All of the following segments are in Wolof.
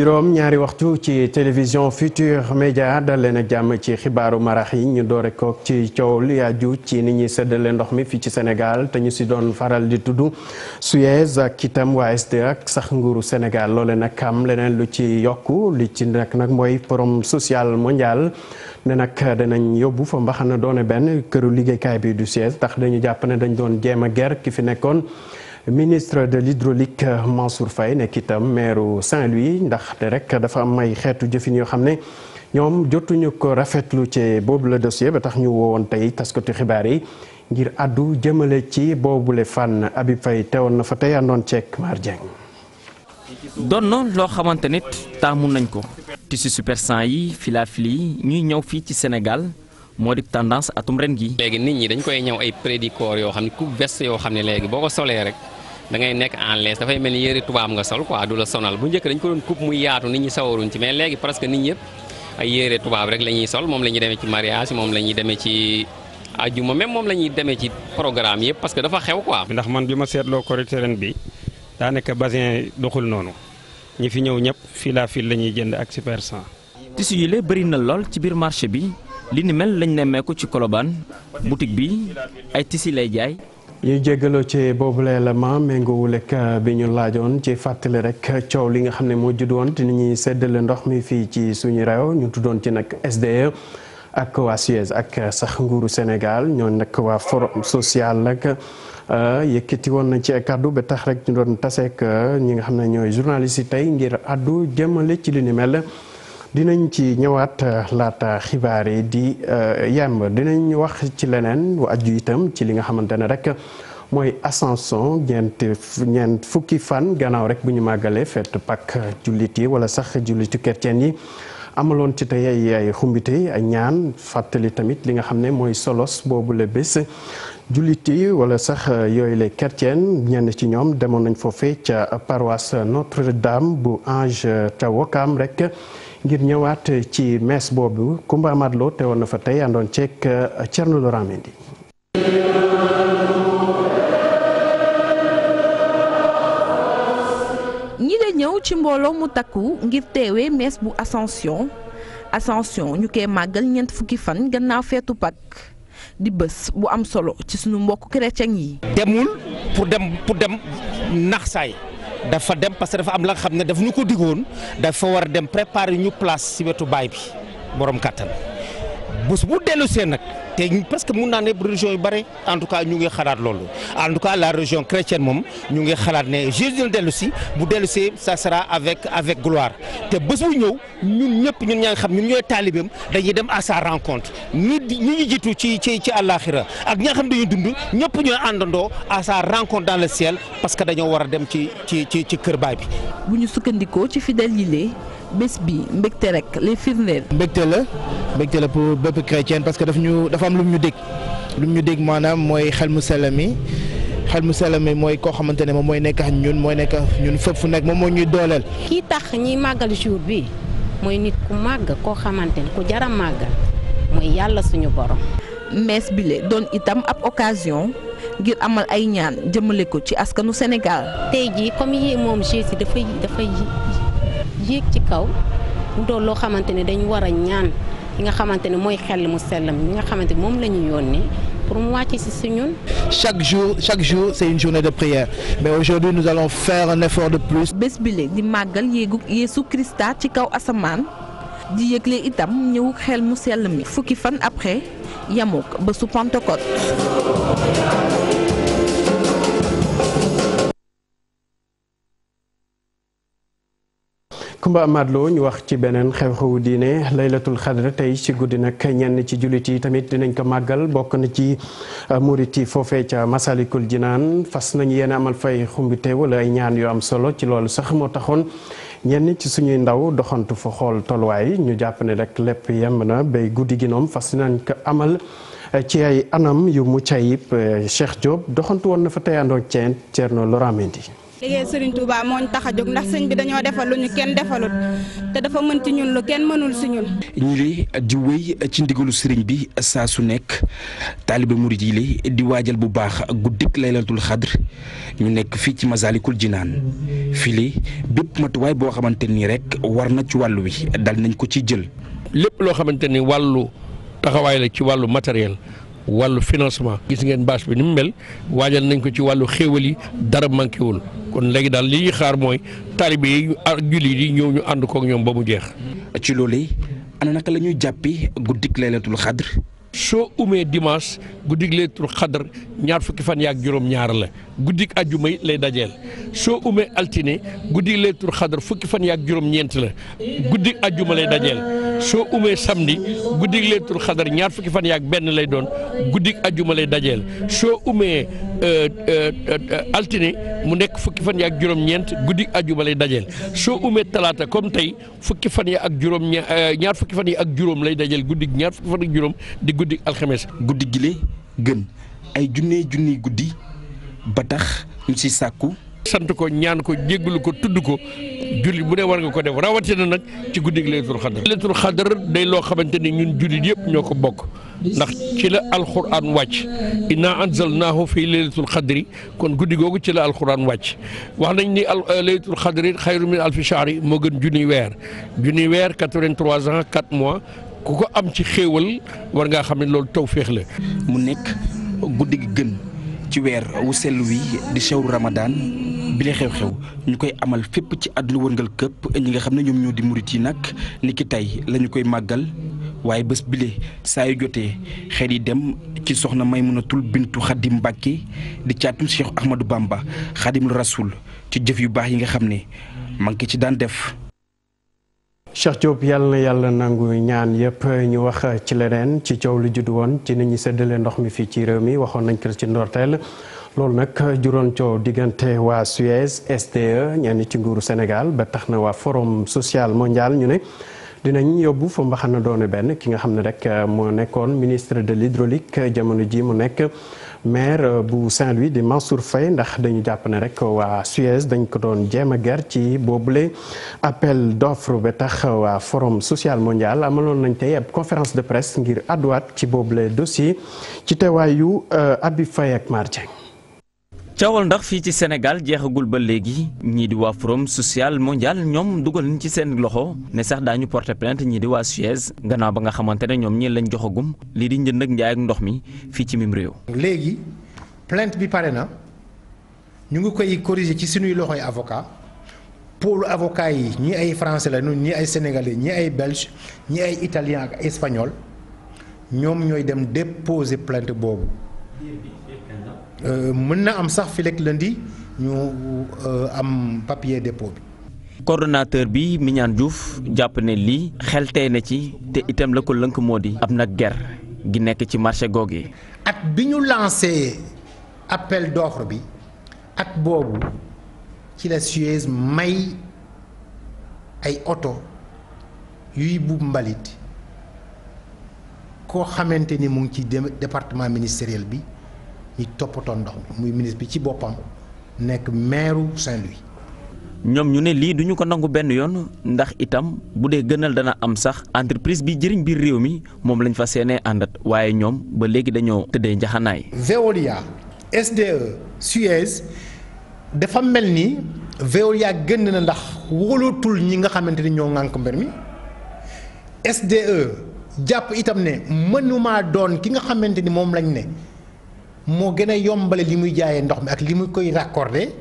juróom ñaari waxtu ci télévision Futur Média dal leen jàmm ci xibaaru marax yi ñu doore ko ci coow li aju ci ni ñuy séddale ndox mi fii ci Sénégal te ñu si doon faral di tudd Suez ak itam waa SDE ak sax nguuru Sénégal loole nag am leneen lu ci yokk li ci nag nag mooy forum social mondial ne nag danañ yóbbu fa mbaxana doone benn këru liggéeykaay bii du Suez tax dañu jàpp ne dañ doon jéem a ger ki fi nekkoon. ministre de l'hydraulique Mansour fay nekk itam maire Saint-Louis ndaxte rek dafa am ay xeetu jëfin yoo xam ne ñoom jotuñu ko rafetlu ci boobu la dossier ba tax ñu woowoon tey taskatu xibaar yi ngir àddu jëmale ci boobule fànn Habib te woon na fa tey àndoon ceek Mar doon donn loo xamante nit taamu nañ ko tissu super 100 yi filafili yi ñuy ñëw fii ci Sénégal moo di tendance atum ren gi léegi nit ñi dañ koy ñëw ay prédicors yoo xam ne coupe veste yoo xam ne léegi boo ko solee rek dangay nekk en l'aise dafay mel ni yëri tubaab nga sol quoi du la sonal bu njëkk dañ ko doon coupe muy yaatu nit ñi sawaruñ ci mais léegi que nit ñëpp ay yére tubaab rek la ñuy sol moom la ñuy demee ci mariage moom la ñuy demee ci ajjuma même moom la ñuy demee ci programme yëpp parce que dafa xew quoi. ndax man bi ma seetloo korite ren bi daanaka basin doxul noonu ñi fi ñëw ñëpp fil à fil la ñuy jënd ak super cent. tissu yi la bëri na lool ci biir marché bi li ni mel lañ nemmeeku ci Colobane boutique bi ay tissu lay jaay. ñuy jégaloo ci boobule élément méngoowul ak euh, bi ñu laajoon ci fàttali rek coow li nga xam ne moo judd woon te ni ñuy séddale ndox mi fii ci suñu réew ñu tuddoon ci nag SDE ak waa Suez ak euh, sax nguuru Sénégal ñoo nag waa forum social nag euh, yëkkati woon nañ ci kaddu ba tax rek ñu doon taseek ñi nga xam ne ñooy journaliste yi tey ngir addu jëmale ci li ni mel. dinañ ci ñëwaat euh, laata xibaar yi di euh, yemb dinañ wax ci leneen wa aju itam ci li nga xamante ne rek mooy Ascension ñeent ñeent fukki fan gannaaw rek bu ñu màggalee fête Pâques jullit yi wala sax jullitu chrétien yi amaloon ci tey ay ay xumbite ay ñaan fàttali tamit li nga xam ne mooy solos boobu la bés jullit yi wala sax euh, yooyu les chrétiens ñenn ci ñoom demoon nañ foofee ca paroisse Notre-Dame bu Ange ca Wokam rek ngir ñëwaat ci mees boobu Kumba Amad Lo na fa tey àndoon ceeg uh, Thierno Laurent Mendy ñi la ñëw ci mbooloo mu takku ngir teewee mees bu Ascension Ascension ñu koy màggal ñeent fukki fan gannaaw feetu Pâques di bës bu am solo ci sunu mbokk chrétien yi. demul dem pour dem nax saay dafa dem parce que dafa am la nga xam ne daf ñu ko diggoon dafa war a dem préparer ñu place ci wetu baay bi boroom kàttan bu bés bu dellu seen nag te parce que mun naa ne religion yu bare en tout cas ñu ngi xalaat loolu en cas la région chrétienne moom ñu ngi xalaat ne Jésus dina dellu si bu dellu see ça avec avec gloire te bés bu ñëw ñu ñëpp ñun ñaa ngi xam ñun ñooy taalibeem dañuy dem à sa rencontre ñi ñi ñu jiitu ci ci ci àllaaxira ak ñi nga xam dañuy dund ñëpp ñooy àndandoo à sa rencontre dans le ciel parce que dañoo war a dem ci ci ci ci kër baay bi. bu ñu sukkandikoo ci fidèle yi bés bi mbégte rek li firndeel. mbégte la mbégte la pour bépp chrétien parce que daf ñu dafa am lu mu ñu dégg lu mu ñu dégg maanaam mooy xel mu sell mi xel mu sell mi mooy koo xamante ne moom mooy nekk ak ñun mooy nekk ak ñun fépp fu nekk moom moo ñuy dooleel. kii tax ñiy màggal jour bi mooy nit ku màgg koo xamante ne ku jar a màggal mooy yàlla suñu borom. mees bile doon itam ab occasion. ngir amal ay ñaan jëmale ko ci askanu Sénégal. tey jii comme yéen moom Jésus dafay dafay yéeg ci kaw mu doon loo xamante ne dañu war a ñaan yi nga xamante ne mooy xel mu sell mi nga xamante ne moom la ñu yónnee pour mu wàcc si si ñun. chaque jour chaque jour c'est une journée de prière mais aujourd'hui nous allons faire un effort de plus. bés bile di màggal yéegu Yeesu Krista ci kaw asamaan di yëgle itam ñëw xel mu sell mi fukki fan après yamook bésu Pentecôte. Kumba Amad Lo ñu wax ci beneen xew-xewu diine laylatul xadra tey ci guddi nag ñenn ci jullit yi tamit dinañ ko màggal bokk na ci euh, murit yi foofee ca Masalikul Jinaan fas nañ yéen amal fay xumbite wala ay ñaan yu am solo ci loolu sax moo taxoon ñenn ci suñuy ndaw doxantu fa xool tolluwaay ñu jàpp ne rek lépp yem na bay guddi gi noom fas nañ ko amal euh, ci ay anam yu mucc ayib euh, Cheikh Diop doxantu woon na fa tey àndoon Thierno Laurent Mendy liggéey Serigne Touba moo ñu tax a jóg ndax sëñ bi dañoo defal lu ñu kenn defalut te dafa mën ci ñun lu kenn mënul si ñun. ñu li di wéy ci ndigalu sëriñ bi saa su nekk taalibe murid yi li di waajal bu baax guddik laylatul xadr ñu nekk fii ci Masalikul Jinaan fii li bépp matuwaay boo xamante nii rek war na ci wàll wi dal nañ ko ci jël. lépp loo xamante ni wàllu taxawaay la ci wàllu matériel wàllu financement gis ngeen bâche bi ni mu mel waajal nañ ko ci wàllu xéewal yi dara manqué wul kon léegi daal li ñuy xaar mooy taalibe yi ak jullit yi ñëw ñu ànd kook ñoom ba mu jeex. ci loolu ana naka la ñuy jàppi guddik leenatul xadr soo umee dimanche guddik laylatul xadr ñaar fukki fan yaak juróom-ñaar la guddik àjjuma yi lay dajeel soo umee altine guddik laylatul xadr fukki fan yaak juróom-ñeent la guddik àjjuma lay dajeel. soo umee samedi guddig leetul xadar ñaar fukki fan ak benn lay doon guddi ajuma lay dajeel soo umee euh, euh, euh, altine mu nekk fukki fan yaak juróom-ñeent guddig ajuma lay dajeel soo umee talaata comme tey fukki fan ya ak juróom ñaar fukki fan yi ak juróom lay dajeel guddi ñaar fukki fan ak juróom di guddi alxames guddi gile gën ay junne junni guddi ba tax ñu si sàkku sant ko ñaan ko jéggalu ko tudd ko jullit bu ne war nga ko def rawatina nag ci guddi leetul xadar leetul xadar day loo xamante ni ñun jullit yëpp ñoo ko bokk ndax ci la alxuraan wàcc inna anzalnaahu fii laylatul xadri kon guddi googu ci la alxuraan wàcc wax nañ ni euh, laylatul xadri xayru min alfi shahri moo gën junni weer junni weer 83 ans 4 mois ku ko am ci xéewal war ngaa xam ne loolu tawféex la. mu nekk guddi gi gën ci weer wu sell wi di shahru Ramadan. bi la xew-xew ñu koy amal fépp ci àdduna wërngal këpp ñi nga xam ne ñoom ñoo di murit yi nag ni ki tey la koy màggal waaye bés bile saa yu jotee xel yi dem ci soxna may mënatul Bintu Xadim Mbàkke di caatum Cheikh Ahmadou Bamba Xadimul Rasul ci jëf yu baax yi nga xam ne man ki ci daan def. Cheikh Diop yàlla na yàlla nangu ñaan yëpp ñu wax ci leneen ci coow lu judd woon ci ni ñu seddalee ndox mi fii ci réew mi waxoon nañ ko ci ndorteel. loolu nag juróon coow diggante waa Suez SDE ñenn ci nguuru Sénégal ba tax na waa forum social mondial ñu ne dinañ yóbbu fa mbaxana doone benn ki nga xam ne rek euh, moo nekkoon ministre de l'hydraulique euh, jamono ji mu nekk maire euh, bu Saint-Louis di Mansour fay ndax dañu jàpp ne rek waa Suez dañ ko doon jéem a ger ci boobule appel d'offre ba tax waa forum social mondial amaloon nañ tey ab conférence de presse ngir àdduwaat ci boobu boobule dossier ci teewaayu Abi Faye ak coowal ndax fii ci Sénégal jeexagul ba léegi ñii di waa Forum social mondial ñoom dugal nañ ci seen loxo ne sax daañu porter plainte ñii di waa Suez gannaaw ba nga xamante ne ñoom ñii lañ joxagum lii di njënd ak njaay ak ndox mi fii ci mim réew. léegi plainte bi pare na ñu ngi koy corriger ci suñuy loxoy avocat pôlu avocat yi ñii ay français la ñii ay sénégalais ñii ay belge ñii ay italien ak espagnol ñoom ñooy dem déposer plainte boobu. Euh, mën na am sax fi lëndi lundi ñu euh, am papier dépôt bi. coordonnateur bi Mignane Diouf jàpp ne lii xeltee na ci te itam la ko lënk moo di. am na ger gi nekk ci marché googu at bi ñu lancé appel d'offre bi at boobu ci la Suez may ay oto yuy buub mbalit koo xamante ni mu ngi ci département ministériel bi. ñi toppatoo ndox mi muy ministre bi ci boppam nekk maire Saint-Louis. ñoom ñu ne lii duñu ko nangu benn yoon ndax itam bu dee gënal dana am sax entreprise bi jëriñ biir réew mi moom lañ fa seenee àndat waaye ñoom ba léegi dañoo tëddee njaxanaay. Veolia SDE Suez dafa mel ni Veolia gën na ndax wóolootul ñi nga xamante ni ñoo ŋànk mbir mi SDE jàpp itam ne mënumaa doon ki nga xamante ni moom lañ ne. moo gën a yombale li muy jaayee ndox mi ak li mu koy raccordé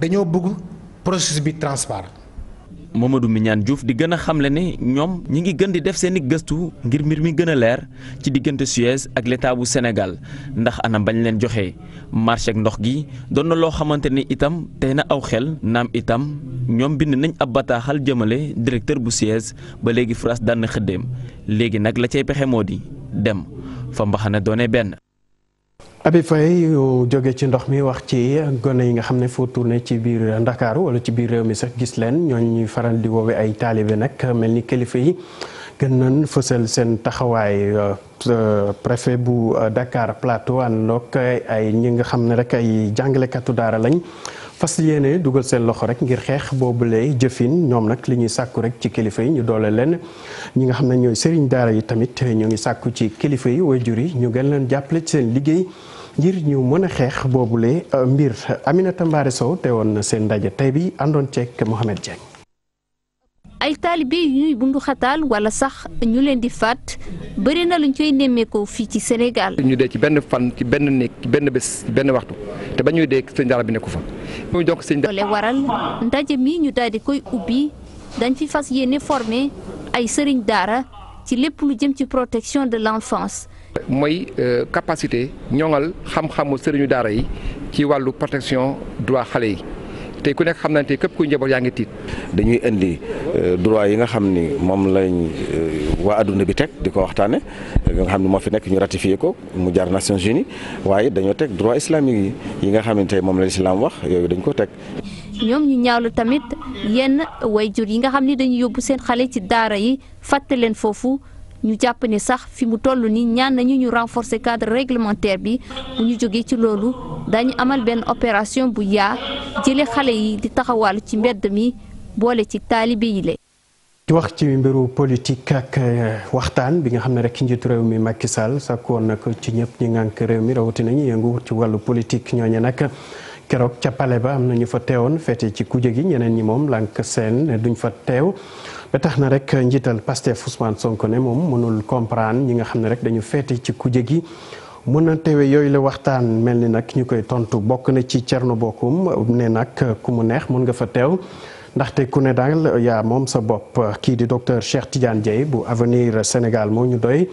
dañoo bëgg processus bi transparent Mamadou miñaan juuf di gën a xamle ni ñoom ñi ngi gën di def seen i gëstu ngir mbir mi gën a leer ci diggante Suez ak l'état bu Sénégal ndax anam bañ leen joxe marché ndox gi doon na loo xamante ni itam tey na aw xel naam itam ñoom bind nañ ab bataaxal jëmale directeur bu Suez ba léegi France daan xëddéem léegi nag la cay pexe moo di dem fa mbaxana doone benn. Abi Faye yu jóge ci ndox mi wax ci gone yi nga xam ne foo tourné ci biir Ndakaaru wala ci biir réew mi sax gis leen ñooñu ñuy faral di woowe ay taalibe nag mel ni kilifa yi gën fësal seen taxawaay euh, euh, préfet bu ndakaar euh, Plateau àndoog ay ñi nga xam ne rek ay jàngalekatu daara lañ fas yéene dugal seen loxo rek ngir xeex boobulee jëfin ñoom nag li ñuy sàkku rek ci kilifa yi ñu doole leen ñi nga xam ne ñooy sëriñ daara yi tamit ñoo ngi sàkku ci kilifa yi waajur yi ñu gën leen jàppale ci seen liggéey ngir ñu mën a xeex boobule euh, mbir Aminata Mbaare Sow teewoon seen ndaje tey bi àndoon ceeg Mohamed Dieng ay taalibe yu ñuy bundu walla wala sax ñu leen di faat bëri na luñ koy nemmeekoo fii ci Sénégal. ñu dee ci benn fan ci benn néeg ci benn bés ci benn waxtu te ba ñuy dee sëñ dara bi nekku fa. muy donc sëñ dara waral ndaje mi ñu daal di koy ubbi dañ fi fas yéene formé ay sëriñ daara ci lépp lu jëm ci protection de l'enfance. mooy euh, capacité ñoŋal xam-xamu sëriñu daara yi ci wàllu protection droit xale yi. te ku nekk xam na tey képp ku njaboot yaa ngi tiit. dañuy indi euh, droit yi nga xam ni moom lañ euh, waa adduna bi teg di ko waxtaane nga xam ne moo fi nekk ñu ratifié ko mu jaar Nations Unies waaye dañoo teg droit islamique yi yi nga xam ne tey moom la islam wax yooyu dañ ko teg. ñoom ñu ñaawlu tamit yenn way wayjur yi nga xam ni dañu yóbbu seen xale ci daara yi fàtte leen foofu. ñu jàpp ni sax fi mu toll ni ñaan nañu ñu renforcer cadre réglementaire bi bu ñu jógee ci loolu dañu amal benn opération bu yaa jële xale yi di taxawal ci mbedd mi boole ci taalibe yi le wax ci mbiru politique ak euh, waxtaan bi nga xam ne rek njiitu réew mi Macky Sall sàkkoon nag ci ñëpp ñi ngànk réew mi rawatina ñu yëngu ci wàllu politique ñooñu nag keroog ca pale ba am na ñu fa teewoon feete ci kuje gi ñeneen ñi moom lànk seen duñ fa teew. ba tax na rek njiital Pastef Ousmane sonk ne moom mënul comprendre ñi nga xam ne rek dañu féete ci kuje gi. mën a tewe yooyu la waxtaan mel ni nag ñu koy tontu bokk na ci Thierno Bocoum ne nag ku mu neex mën nga fa teew ndaxte ku ne daal yaa moom sa bopp kii di docteur Cheikh Tidiane Dieye bu avenir Sénégal moo ñu doy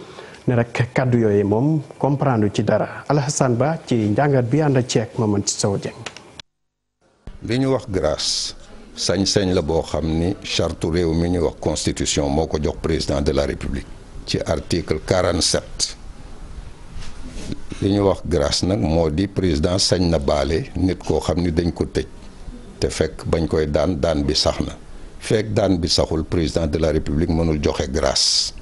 ne rek kàddu yooyu moom comprendre ci dara Alhassane Ba ci njàngat bi ànd a ceeg Mamadou Sow Dieng bi ñu wax grâce sañ-sañ la boo xam ni charte réew mi ñuy wax constitution moo ko jox président de la république ci article 47 li ñu wax grâce nag moo di président sañ na baale nit koo xam ni dañ ko tëj te fekk bañ koy daan daan bi sax na fekk daan bi saxul président de la république mënul joxe grâce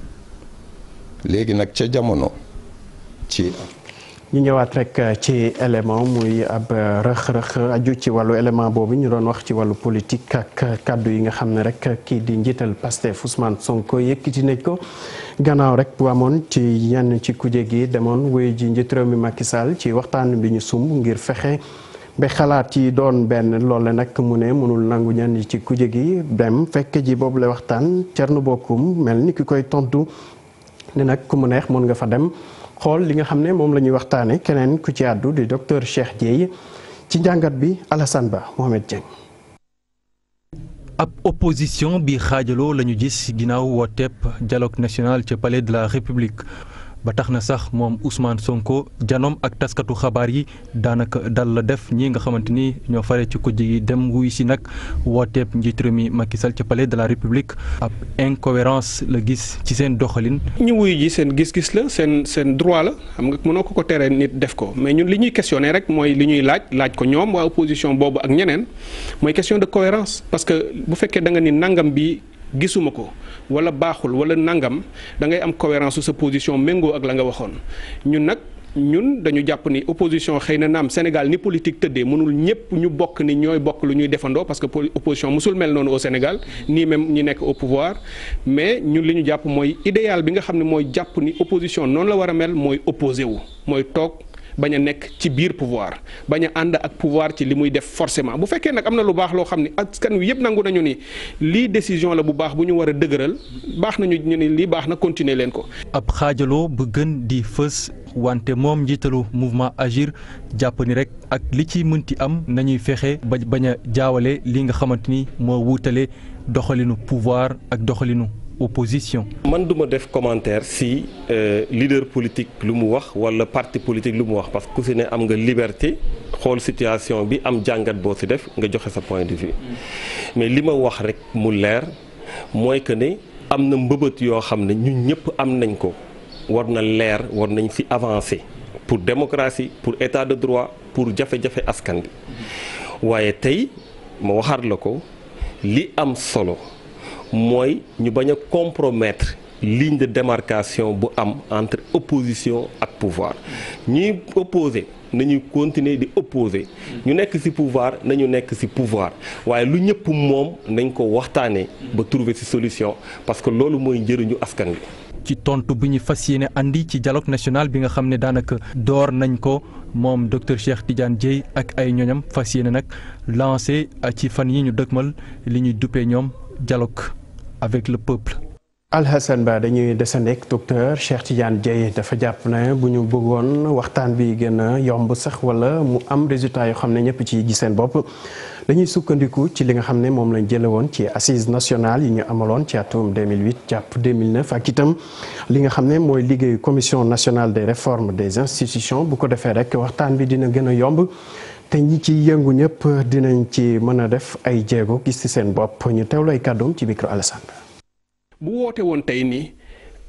léegi nag ca jamono ci ñu ñëwaat rek euh, ci élément muy ab euh, rëx-rëx aju ci wàllu élément boobu ñu doon wax ci wàllu politique ak euh, kàddu yi nga xam ne rek kii di njiital Pastef Ousmane Sonko yëkkati nañ ko gannaaw rek bu amoon ci yenn ci kuje gi demoon wuyu ji njiit réew mi Macky saal ci waxtaan bi ñu sumb ngir fexe ba xalaat yi doon benn loole nag mu ne mënul nangu ñan ci kuje gi dem fekk ji boobu lay waxtaan Thierno Bocoum mel ni ki koy tontu. ne nag ku mu neex mën nga fa dem xool li nga xam ne moom la ñuy waxtaane keneen ku ci àddu di docteur Cheikh Dieye ci njàngat bi Alassane Ba Mohamed Dieng ab opposition bi xaajaloo la ñu gis ginnaaw wooteeb dialogue national ca palais de la république ba tax na sax moom Ousmane Sonko janoom ak taskatu xabaar yi daanaka dal la def ñii nga xamante ni ñoo fare ci kujj gi dem wuy si nag wooteeb njiitu réew mi Macky Sall ci palais de la République ab incohérence la gis ci seen doxalin. ñu wuy ji seen gis-gis la seen seen droit la xam nga mënoo ko ko teree nit def ko mais ñun li ñuy questionner rek mooy li ñuy laaj laaj ko ñoom waa opposition boobu ak ñeneen mooy question de cohérence parce que bu fekkee bi. gisuma ko wala baaxul wala nangam da ngay am cohérence sa position méngoo ak la nga waxoon ñun nag ñun dañu jàpp ni opposition xëy na naam Sénégal ni politique tëddee mënul ñëpp ñu bokk ni ñooy bokk lu ñuy defandoo parce que opposition musul mel noonu au Sénégal nii même ñi nekk au pouvoir mais ñun li ñu jàpp mooy idéal bi nga xam ne mooy jàpp ni opposition noonu la war a mel mooy opposé wu mooy toog. bañ a nekk ci biir pouvoir bañ a ànd ak pouvoir ci li muy def forcément bu fekkee nag am na lu baax loo xam ne askan wi yëpp nangu nañu ni lii décision la bu baax bu ñu war a dëgëral baax nañu ñu ni lii baax na continuer leen ko. ab xaajaloo bu gën di fës wante moom njiitalu mouvement Agir jàpp ni rek ak li ci mënti am nañuy fexe ba bañ a jaawale li nga xamante ni moo wuutale doxalinu pouvoir ak doxalinu. opposition. man duma def commentaire si euh, leader politique lu mu wax wala parti politique lu mu wax parce que ku si ne am nga liberté xool situation bi am jàngat boo si def nga joxe sa point de vue mais li ma wax rek mu leer mooy que ne am na mbëbët yoo xam ne ñu ñëpp am nañ ko war na leer war nañ si avancé pour démocratie pour état de droit pour jafe-jafe askan bi waaye tey ma waxaat la ko li am solo. mooy ñu bañ a compromettre ligne de démarcation bu am entre opposition ak pouvoir ñuy opposé nañuy continuer di opposé ñu nekk ci pouvoir nañu nekk ci pouvoir waaye lu ñëpp moom nañ ko waxtaanee ba trouver ci solution parce que loolu mooy njëriñu askan wi. ci tontu bi ñu fas yéene indi ci dialogue national bi nga xam ne daanaka door nañ ko moom docteur Cheikh Tidiane Dièye ak ay ñooñam fas yéene nag lancé ci fan yi ñu dëgmal li ñuy duppee ñoom dialogue. avec le peuple. Alhassane Ba dañuy desa ak docteur Cheikh Tidiane Dieye dafa jàpp ne bu ñu bëggoon waxtaan bi gën a yomb sax wala mu am résultat yoo xam ne ñëpp ci gis seen bopp dañuy sukkandiku ci li nga xam ne moom lañ jële woon ci assise nationale yi ñu amaloon ci atum 2008 jàpp 2009 ak itam li nga xam ne mooy liggéeyu commission nationale de réforme des institutions bu ko defee rek waxtaan bi dina gën a yomb. te ñi ci yëngu ñëpp dinañ ci mën a def ay jéego gis ci seen bopp ñu teewlooy kàddoom ci micro Alassane bu woote woon tey nii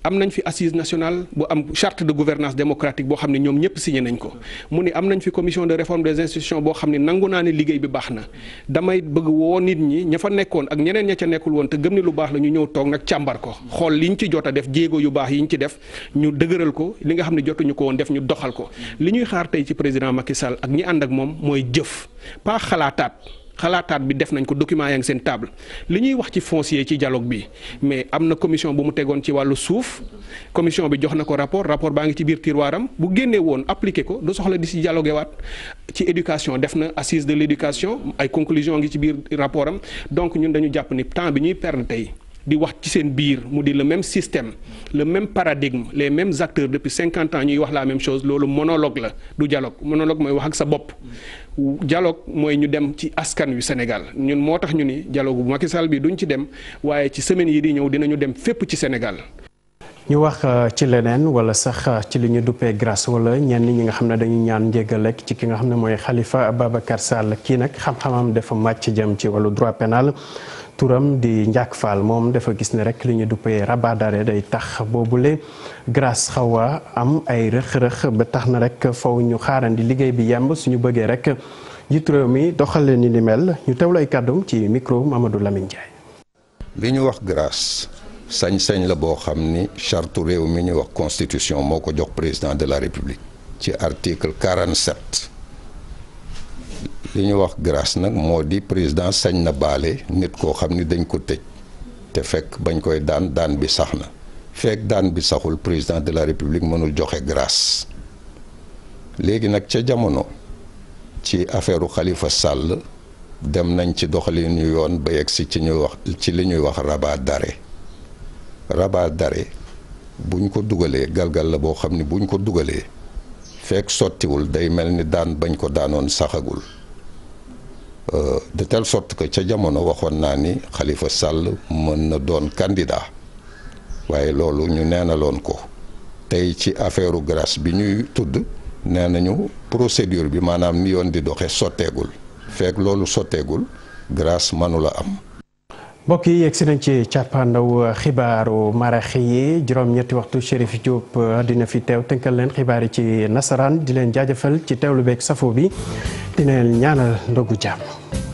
am nañ fi assise nationale bu am charte de gouvernance démocratique boo xam ne ñoom ñëpp signé nañ ko mu ni am nañ fi commission de réforme des institutions boo xam ne nangu naa ne liggéey bi baax na damay bëgg woo nit ñi ña fa nekkoon ak ñeneen ña ca nekkul woon te gëm ni lu baax la ñu ñëw toog nag càmbar ko xool liñ ci jot a def jéego yu baax yiñ ci def ñu dëgëral ko li nga xam ne jotuñu ko woon def ñu doxal ko li ñuy xaar tey ci président Macky Sall ak ñi ànd ak moom mooy jëf pas xalaataat xalaataat bi def nañ ko document yaa ngi seen table li ñuy wax ci foncier ci dialogue bi mais am na commission bu mu tegoon ci wàllu suuf commission bi jox na ko rapport rapport baa ngi ci biir tiroiram bu génnewoon woon ko du soxla di si dialogué waat ci éducation def na assise de l' éducation ay conclusion ngi ci biir rapport am donc ñun dañu jàpp ni temps bi ñuy perdre tey di wax ci seen biir mu di la même système le même paradigme les mêmes acteurs depuis cinquante ans ñuy wax la même chose loolu monologue la du dialogue monologue mooy wax ak sa bopp. jaloog mooy ñu dem ci askan wi Sénégal ñun moo tax ñu ni dialogue bu Macky Sall bi duñ ci dem waaye ci semaine yi di ñëw dinañu dem fépp ci Sénégal. ñu wax euh, ci leneen wala sax euh, ci li ñu duppee grâce wala ñenn ñi nga xam ne dañu ñaan njégal rek ci ki nga xam ne mooy xalifa Ababacar Sall kii nag xam-xamam dafa màcc jëm ci wàllu droit pénal turam di Ndiak Fall moom dafa gis ne rek li ñu duppee rabat day tax boobu grâce xaw a am ay rëx-rëx ba tax na rek faw ñu di liggéey bi yemb suñu bëggee rek jiitu réew mi doxalee ni ni mel ñu teewlu ay kàddum ci micro Mamadou Lamine Ndiaye. li ñu wax grâce. sañ-sañ la boo xam ni charte réew mi ñuy wax constitution moo ko jox président de la république ci article 47 li ñu wax grâce nag moo di président sañ na baale nit koo xam ni dañ ko tëj te fekk bañ koy daan daan bi sax na fekk daan bi saxul président de la république mënul joxe grâce léegi nag ca jamono ci affaire xalifa Sall dem nañ ci doxalinu yoon ba yegg si ci ñuy wax ci li ñuy wax rabat d'arrêt rabat d'arrêt buñ ko dugalee galgal la boo xam ni buñ ko dugalee fekk sottiwul day mel ni daan bañ ko daanoon saxagul euh, de telle sorte que ca jamono waxoon naa ni xalifa Sall mën na doon candidat waaye loolu ñu neenaloon ko tey ci affaire grâce bi ñuy tudd nee nañu procédure bi maanaam ni yoon di doxe sotteegul fekk loolu sotteegul grâce mënula am mbokk yi yegg si nañ ci càppaandaw uh, xibaaru maraxi yi juróom-ñetti waxtu Chérif Diop uh, dina fi teew tënkal leen xibaar yi ci nasaraan di leen jaajëfal ci teew lu beek safo bi dina ñaanal ndogu jàmm.